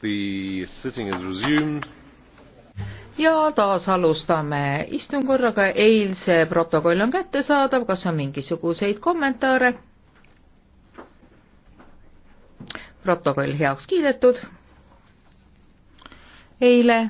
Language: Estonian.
The sitting is resumed ja taas alustame istungukorraga. eilse protokoll on kättesaadav, kas on mingisuguseid kommentaare? protokoll heaks kiidetud. eile